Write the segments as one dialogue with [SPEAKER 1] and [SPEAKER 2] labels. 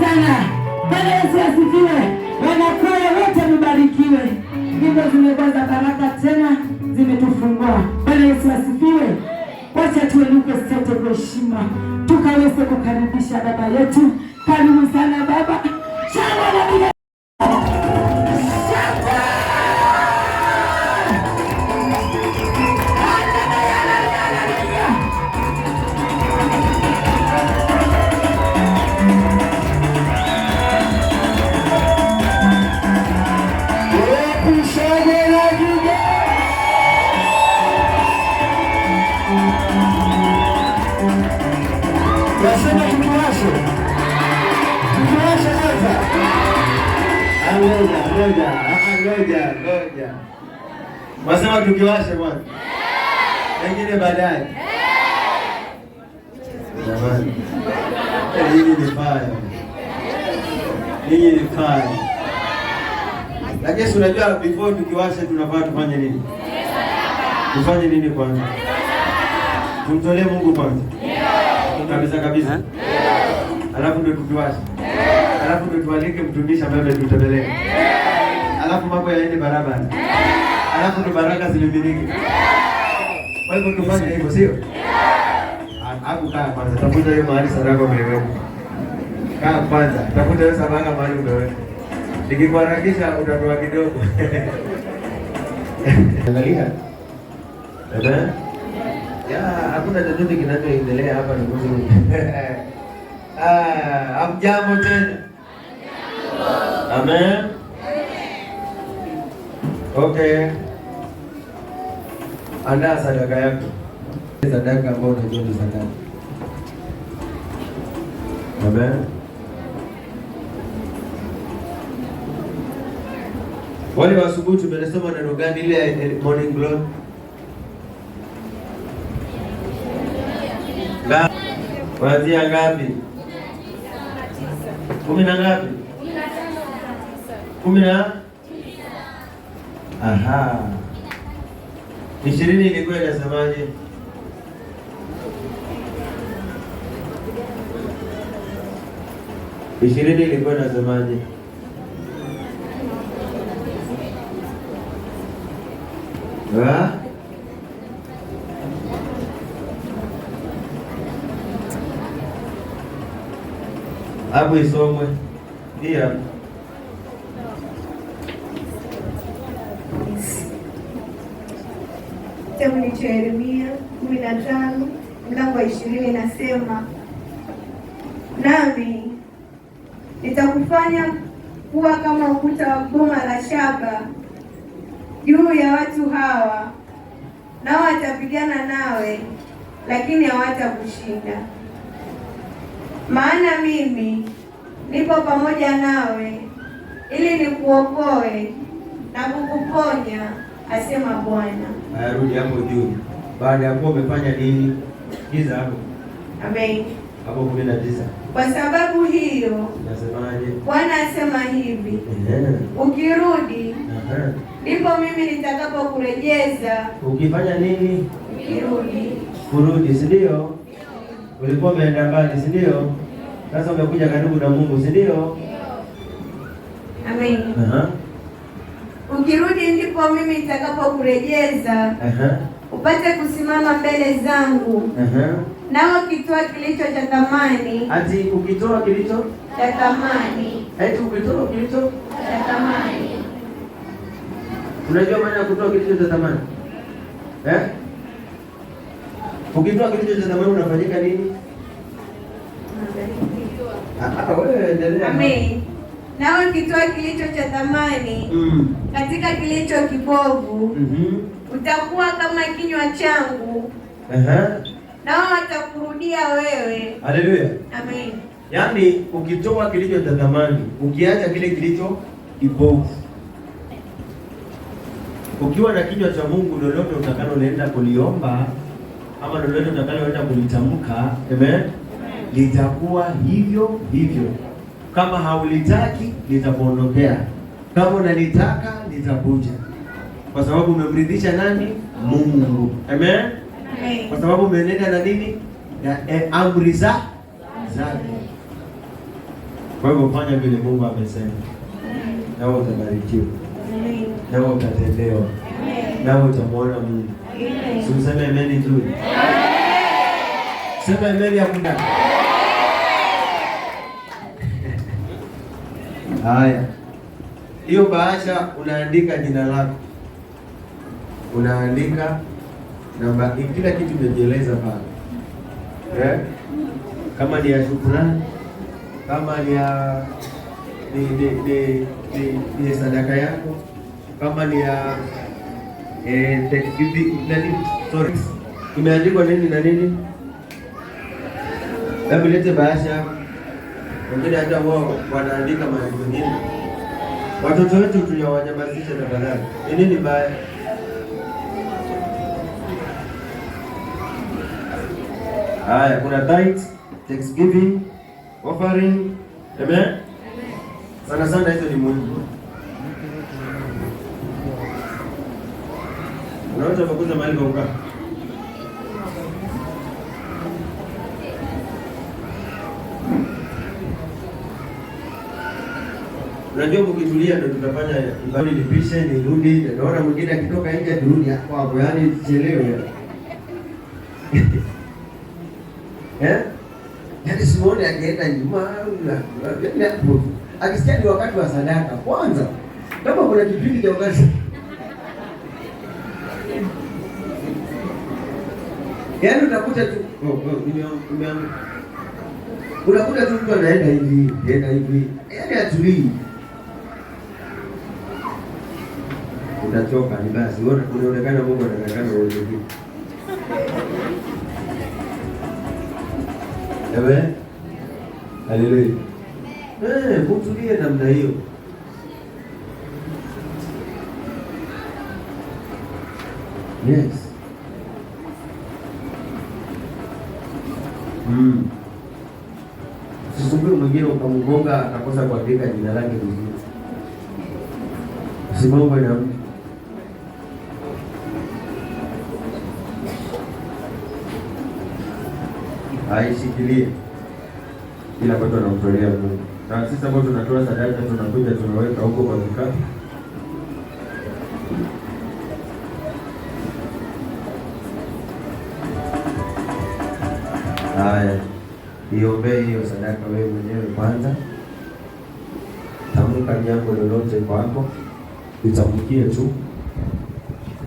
[SPEAKER 1] sana. Bwana Yesu asifiwe. Wanakwaya wote mbarikiwe. Nyimbo zimekuwa za baraka tena, zimetufungua. Bwana Yesu asifiwe. Wacha tuenuke sote kwa heshima, tukaweze kukaribisha baba yetu. Karibu sana baba. ngoja, ngoja, ngoja. Wasema tukiwashe kwanza, wengine baadaye. Jamani, eh, ni fire. Hii ni fire. Lakini unajua before tukiwasha tunafaa tufanye nini? Tufanye nini kwanza? Tumtolee Mungu kwanza kabisa kabisa, alafu ndo tukiwashe, alafu ndio tualike mtumishi ambaye ametutembelea. Ndio. alafu mambo yaende barabara, alafu ni baraka ziliviriki. Kwa hivyo tufanye hivyo, sio hapo. Kaa kwanza, tafuta hiyo mahali sadaka umeweka. Kaa kwanza, tafuta hiyo sadaka mahali umeweka. Nikikuharakisha utatoa kidogo. Angalia baba, ya hakuna chochote kinachoendelea hapa, ni mzuri. Ah, amjambo tena. Amen. Okay, andaa sadaka yako, sadaka ambayo unajua ni sadaka. Amen. Wale wa asubuhi tumesoma neno gani? Ile morning glory kuanzia ngapi? Kumi na ngapi? Kumi na Aha, ishirini ilikuwa inasemaje? Ishirini ilikuwa inasemaje? Hapo isomwe pia kitabu cha Yeremia kumi na tano mlango wa ishirini inasema, nami nitakufanya kuwa kama ukuta wa boma la shaba juu ya watu hawa, nao watapigana nawe, lakini hawatakushinda. Maana mimi nipo pamoja nawe ili nikuokoe na kukuponya, asema Bwana ayarudi hapo juu. Baada ya kuwa umefanya nini? Giza hapo. Amen. Hapo kumi na tisa. Kwa sababu hiyo nasemaje? Bwana asema hivi, ukirudi ndipo mimi nitakapokurejeza. Ukifanya nini? Kirudi. Kurudi, si ndio? Ulikuwa umeenda mbali, si ndio? Sasa umekuja karibu na Mungu, si ndio? Amen. Aha ukirudi ndipo mimi nitakapokurejeza uh-huh. upate kusimama mbele zangu uh-huh. nawe ukitoa kilicho cha thamani, ati ukitoa kilicho cha thamani, ati ukitoa kilicho cha thamani. Unajua maana ya kutoa kilicho cha thamani eh? Ukitoa kilicho cha thamani unafanyika nini? Hapa ah, ah, wewe endelea. Amen nao kitoa kilicho cha thamani mm. katika kilicho kibovu mm -hmm. utakuwa kama kinywa changu uh -huh. nao watakurudia wewe. Haleluya, amen. Yaani ukitoa kilicho cha thamani, ukiacha kile kilicho kibovu, ukiwa na kinywa cha Mungu, lolote utakalolienda kuliomba ama lolote utakaloenda kulitamka, amen, litakuwa hivyo hivyo kama haulitaki nitakuondokea, kama unalitaka nitakuja, kwa sababu umemridhisha nani? Mungu. Amen, amen. Kwa sababu umenenda na nini? Na e, amri za zake. Kwa hivyo fanya vile Mungu amesema, nawe utabarikiwa, nawe utatendewa, nawe utamwona Mungu. Simseme ameni nzuri, sema ameni ya Amen. Haya, hiyo bahasha unaandika jina lako, unaandika namba, kila kitu imejieleza pale eh? Kama ni ya shukrani, kama ni ya ni ni ni, ni, ni sadaka yako, kama ni ya eh, nani, sorry, imeandikwa nini na nini, hebu lete bahasha wengine hata wao wanaandika mahali pengine, watoto wetu tunawanyamazisha tafadhali. Ni nini baya? Haya, kuna tithe, thanksgiving, offering. Amen. Sana sana hizo ni muhimu. Unaweza kukuza mahali pa Unajua, mkitulia ndio tutafanya ngani, nipishe nirudi. Naona mwingine akitoka nje turudi hapo, yaani chelewe eh, yaani simuone akienda nyuma, yaani akisikia ni wakati wa sadaka kwanza, kama kuna kipindi cha wakati yaani utakuta tu oh, oh, unakuta tu mtu anaenda hivi anaenda hivi, yaani atulii Unatoka ni basi, unaonekana Mungu anaonekana wewe. Ewe, haleluya. Eh, kutulie namna hiyo. Yes. Mm. Usisumbue mwingine ukamgonga akakosa kuandika jina lake vizuri. Usimame na mtu aishikilie bila kwetu, anamtolea Mungu na sisi ambao tunatoa sadaka tunakuja tunaweka huko kwa vikapu Haya, iombee hiyo sadaka wewe mwenyewe kwanza. Tamka jambo lolote kwako, itamkie tu,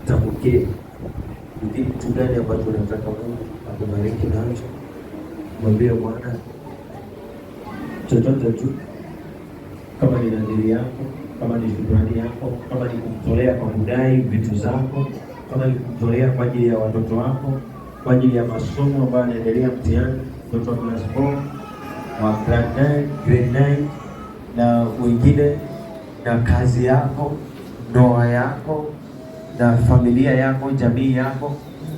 [SPEAKER 1] itamkie. Ni kitu gani ambacho unataka Mungu akubariki nacho? mwambie Bwana chochote tu, kama ni nadhiri yako, kama ni shukurani yako, kama ni kumtolea kwa kudai vitu zako, kama ni kumtolea kwa ajili ya watoto wako, kwa ajili ya masomo ambayo anaendelea mtihani, mtoto wa class 4 wa grade 9 na wengine, na kazi yako, ndoa yako na familia yako, jamii yako,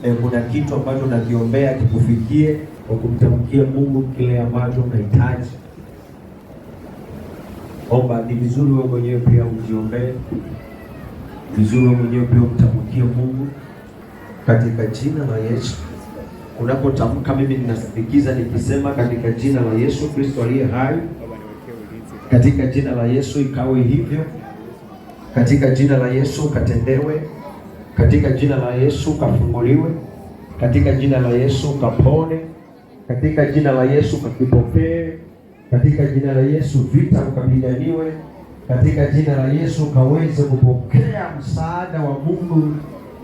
[SPEAKER 1] eh, kuna kitu ambacho nakiombea kikufikie kwa kumtamkia Mungu kile ambacho unahitaji. Omba ni vizuri wewe mwenyewe pia ujiombee vizuri, wewe mwenyewe pia umtamkie Mungu katika jina la Yesu. Unapotamka, mimi ninasikiza nikisema, katika jina la Yesu Kristo aliye hai, katika jina la Yesu ikawe hivyo, katika jina la Yesu katendewe, katika jina la Yesu kafunguliwe, katika jina la Yesu kapone katika jina la Yesu kakipokee, katika jina la Yesu vita ukapiganiwe, katika jina la Yesu kaweze kupokea msaada wa Mungu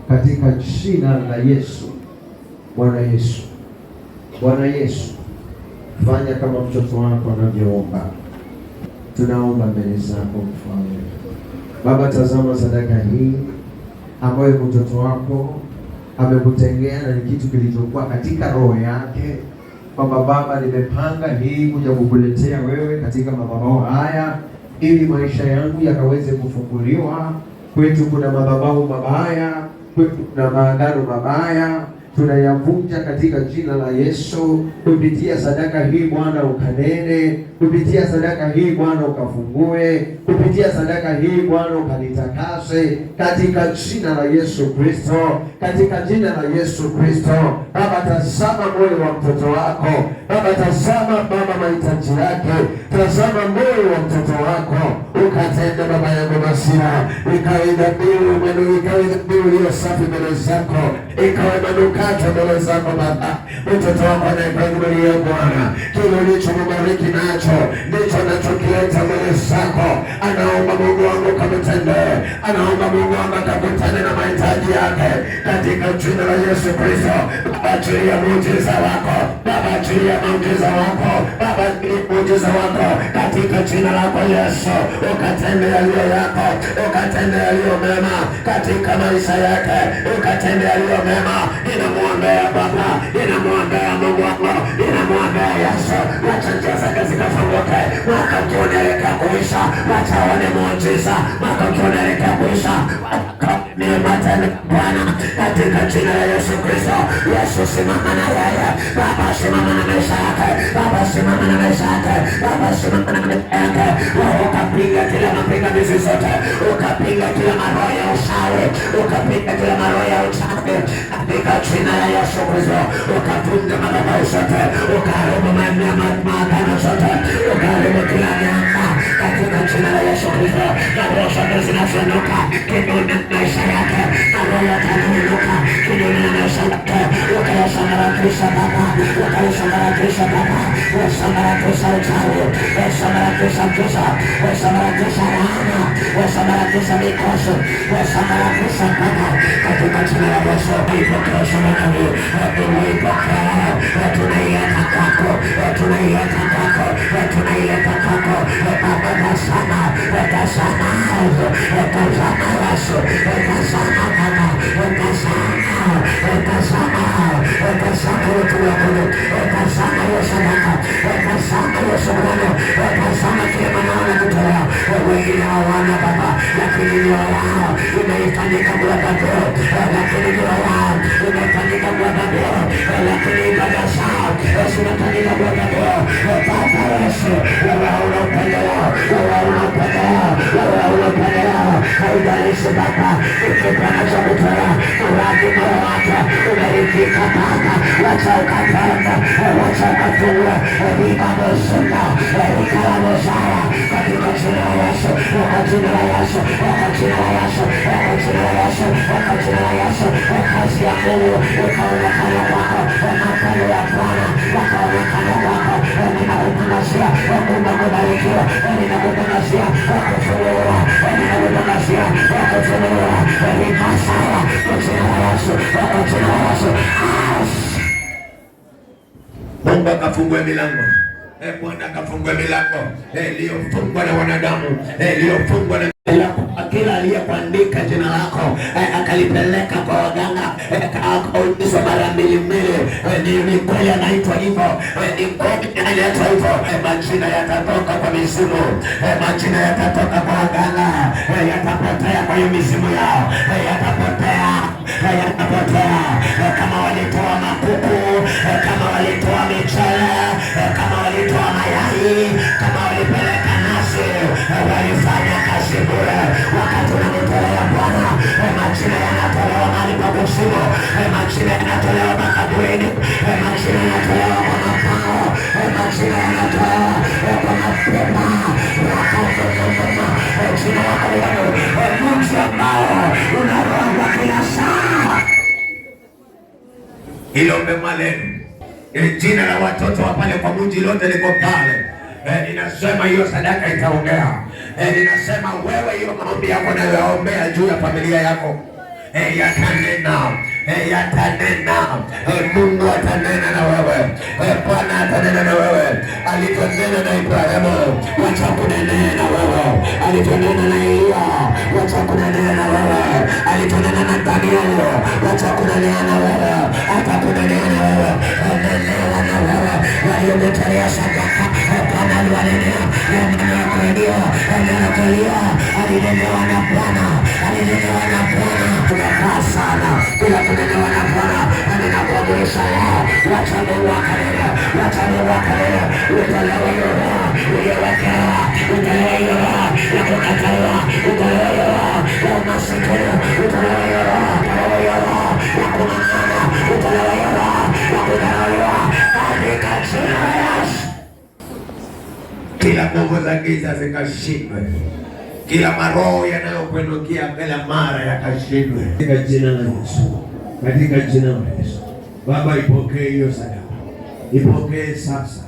[SPEAKER 1] katika jina la Yesu. Bwana Yesu, Bwana Yesu, fanya kama mtoto wako anavyoomba. Tunaomba mbele zako Mfalme. Baba, tazama sadaka hii ambayo mtoto wako amekutengea na ni kitu kilichokuwa katika roho yake kwamba Baba, nimepanga hii kuja kukuletea wewe katika madhabahu haya ili maisha yangu yakaweze kufunguliwa. Kwetu kuna madhabahu mabaya, kwetu kuna maagano mabaya tunayavunja katika jina la Yesu. Kupitia sadaka hii Bwana ukanene, kupitia sadaka hii Bwana ukafungue, kupitia sadaka hii Bwana ukanitakase katika jina la Yesu Kristo, katika jina la Yesu Kristo. Baba, tazama moyo wa mtoto wako Baba, tazama Baba mahitaji yake, tazama moyo wa mtoto wako ukatenda Baba yangu masira, ikawe dhabihu ikawe dhabihu iliyo safi mbele zako, ikawe manuka Kata mbele zako Baba, mtoto wako anaweka mbele ya Bwana, kile ulichombariki nacho ndicho anachokileta mbele zako. Anaomba Mungu wangu kamtendee, anaomba Mungu wangu akakutane na mahitaji yake katika jina la Yesu Kristo. Achilia muujiza wako Baba, juu ya muujiza wako Baba, muujiza wako katika jina lako Yesu, ukatende yaliyo yako, ukatende yaliyo mema katika maisha yake, ukatende yaliyo mema. Inamwombea Baba, inamwombea Mungu wako, inamwombea Yesu, wacha njia zake zikafunguke, mwaka ukiwa kuisha, wacha aone muujiza, mwaka ukiwa kuisha nipatane Bwana katika jina la Yesu Kristo. Yesu, simama na yeye Baba, simama na maisha yake Baba, simama na maisha yake Baba, simama na maisha yake, ukapiga kila mapingamizi zote, ukapiga kila maroho ya usawi, ukapiga kila maroho ya uchawi katika jina la Yesu Kristo, ukatunga madhabahu zote, ukaharibu maagano zote, ukaharibu kila nyama katika jina la Yesu Kristo, na roho zote zinazoinuka kinyume maisha yake, na roho yote yanayoinuka kinyume maisha yake, ukaisambaratisha Baba, ukaisambaratisha Baba, uisambaratisha uchawi, uisambaratisha giza, uisambaratisha laana, uisambaratisha mikosi, uisambaratisha Baba, katika jina la Yesu. Ipokee shukrani, tunaipokea, tunaiweka kwako, tunaiweka kwako, tunaiweka kwako wengine hawana baba, lakini mioyo yao imeifanyika kuwababu, lakini mioyo yao imeifanyika kuwababu, lakini ibada zao zinafanyika kuwababu. Baba Yesu, wewe hauna upendeleo haijalishi Baba, ukipanacho kutoa uradi moyo wake umeridhika Baba, wacha ukatende, wacha ukafungue, likamusuna likala busara kazi ya Mungu akafungue milango Eh, Bwana akafungua milango eh, iliyofungwa na wanadamu eh, iliyofungwa na kila aliyekuandika jina lako eh, akalipeleka kwa waganga akaulizwa mara mbili mbili, ni kweli anaitwa hivyo? Ni kweli anaitwa hivyo? Majina yatatoka kwa mizimu, majina yatatoka kwa waganga, yatapotea kwa hiyo mizimu yao, yatapotea, yatapotea kama walitoa makuku, kama walitoa michele kama walipeleka Yesu walifanya kazi bure. Wakati unamtolea Bwana majina yanatolewa mahali pa majina yanatolewa makaburini, majina yanatolewa kwa majina yanatolewa kwa mapema. Jina lako wewe ambao kila saa, jina la watoto wa pale kwa mji lote liko pale E, ninasema hiyo sadaka itaongea. E, ninasema wewe hiyo maombi yako nayoyaombea juu ya familia yako e, yatanena e, yatanena e, Mungu atanena na wewe e, Bwana atanena na wewe. Alitonena na Ibrahimu, wacha kunenea na wewe. Alitonena na Eliya, wacha kunenea na wewe. Alitonena na Danieli, wacha kunenea na wewe. Atakunenea na wewe, amenewa na wewe waliometolea sadaka aliendelea aliendelea kuelewa aliendelea alilelewa na Bwana alilelewa na Bwana tunafaa sana bila kulelewa na Bwana aninakuwa maisha yao wachalewa kalele wachalewa kalele utolewa yoa uyewekewa utolewa yoa ya kukataliwa utolewa yoa ya umasikini utolewa yoa utolewa yoa ya kunangana utolewa yoa ya kudharauliwa katika jina kila nguvu za giza zikashindwe, kila maroho yanayokuinukia kila mara yakashindwe katika jina la Yesu, katika jina la Yesu. Baba, ipokee hiyo sadaka, ipokee sasa,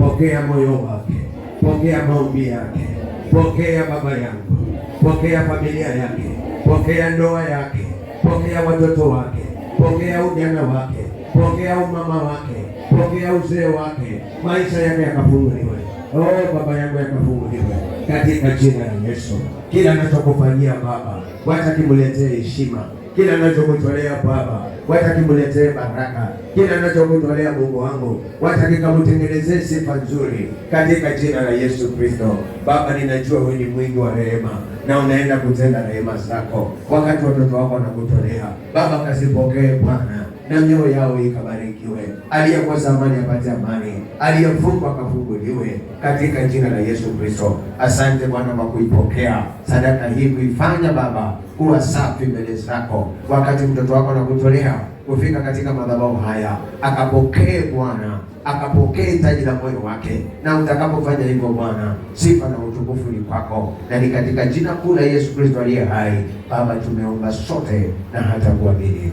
[SPEAKER 1] pokea moyo wake, pokea maombi yake, pokea baba yangu, pokea familia yake, pokea ndoa yake, pokea watoto wake, pokea ujana wake, pokea umama wake, pokea uzee wake, maisha yake yakafunguliwe Oh, baba yangu yakafunguliwe katika jina la Yesu. Kila anachokufanyia Baba, wacha kimletee heshima. Kila anachokutolea Baba, wacha kimletee baraka. Kila anachokutolea Mungu wangu, wacha kikamtengenezee sifa nzuri katika jina la Yesu Kristo. Baba, ninajua wewe ni mwingi wa rehema na unaenda kutenda rehema zako wakati watoto wako wanakutolea. Baba, kasipokee Bwana na mioyo yao ikabarikiwe. Aliyekuwa zamani apate amani, aliyefungwa akafunguliwe katika jina la Yesu Kristo. Asante Bwana kwa kuipokea sadaka hii, kuifanya Baba kuwa safi mbele zako, wakati mtoto wako anakutolea kufika katika madhabahu haya, akapokee Bwana, akapokee taji la moyo wake. Na utakapofanya hivyo Bwana, sifa na utukufu ni kwako, na ni katika jina kuu la Yesu Kristo aliye hai. Baba, tumeomba sote na hata kuamini.